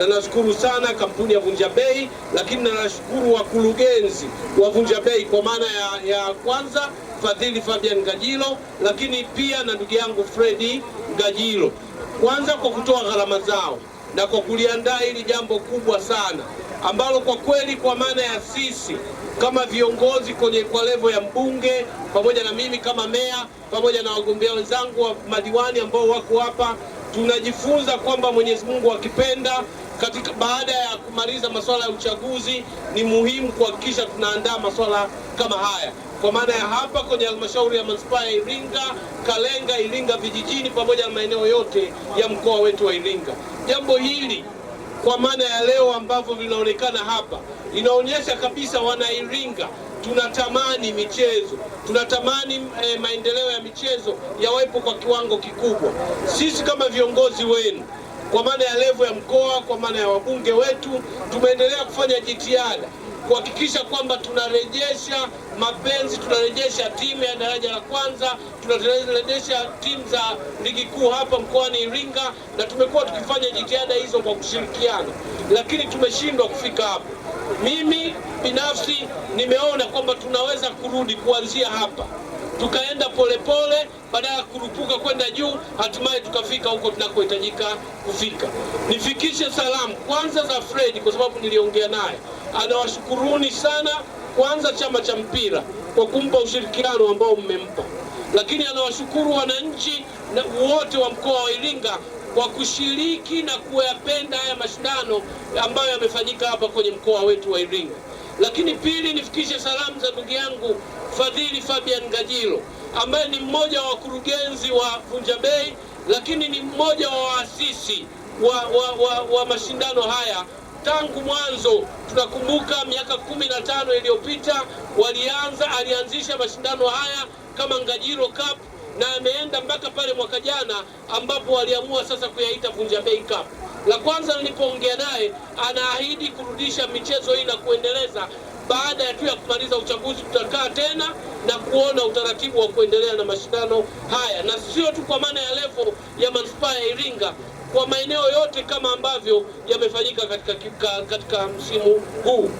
Na nashukuru sana kampuni ya Vunja Bei, lakini na nashukuru wakurugenzi wa Vunja Bei kwa maana ya, ya kwanza Fadhili Fabian Ngajilo, lakini pia na ndugu yangu Fredi Ngajilo, kwanza kwa kutoa gharama zao na kwa kuliandaa hili jambo kubwa sana ambalo kwa kweli kwa maana ya sisi kama viongozi kwenye kwa levo ya mbunge pamoja na mimi kama meya pamoja na wagombea wenzangu wa madiwani ambao wako hapa tunajifunza kwamba Mwenyezi Mungu akipenda, katika baada ya kumaliza masuala ya uchaguzi, ni muhimu kuhakikisha tunaandaa masuala kama haya kwa maana ya hapa kwenye halmashauri ya manispaa ya Iringa, Kalenga, Iringa vijijini, pamoja na maeneo yote ya mkoa wetu wa Iringa. Jambo hili kwa maana ya leo ambavyo vinaonekana hapa, inaonyesha kabisa wana Iringa tunatamani michezo, tunatamani eh, maendeleo ya michezo yawepo kwa kiwango kikubwa. Sisi kama viongozi wenu kwa maana ya levo ya mkoa, kwa maana ya wabunge wetu, tumeendelea kufanya jitihada kuhakikisha kwamba tunarejesha mapenzi, tunarejesha timu ya daraja la kwanza, tunarejesha timu za ligi kuu hapa mkoani Iringa, na tumekuwa tukifanya jitihada hizo kwa kushirikiana, lakini tumeshindwa kufika hapo. Mimi binafsi nimeona kwamba tunaweza kurudi kuanzia hapa tukaenda polepole, baadaye ya kurupuka kwenda juu, hatimaye tukafika huko tunakohitajika kufika. Nifikishe salamu kwanza za Fred kwa sababu niliongea naye, anawashukuruni sana kwanza chama cha mpira kwa kumpa ushirikiano ambao mmempa, lakini anawashukuru wananchi wote wa mkoa wa Iringa kwa kushiriki na kuyapenda haya mashindano ambayo yamefanyika hapa kwenye mkoa wetu wa Iringa. Lakini pili, nifikishe salamu za ndugu yangu Fadhili Fabian Ngajilo ambaye ni mmoja wa wakurugenzi wa Vunja Bei, lakini ni mmoja wa waasisi wa, wa, wa, wa mashindano haya tangu mwanzo. Tunakumbuka miaka kumi na tano iliyopita walianza, alianzisha mashindano haya kama Ngajilo Cup na ameenda mpaka pale mwaka jana ambapo waliamua sasa kuyaita Vunja Bei Cup. La kwanza nilipoongea naye, anaahidi kurudisha michezo hii na kuendeleza. Baada ya tu ya kumaliza uchaguzi, tutakaa tena na kuona utaratibu wa kuendelea na mashindano haya, na sio tu kwa maana ya levo ya manispaa ya Iringa, kwa maeneo yote kama ambavyo yamefanyika katika, katika msimu huu.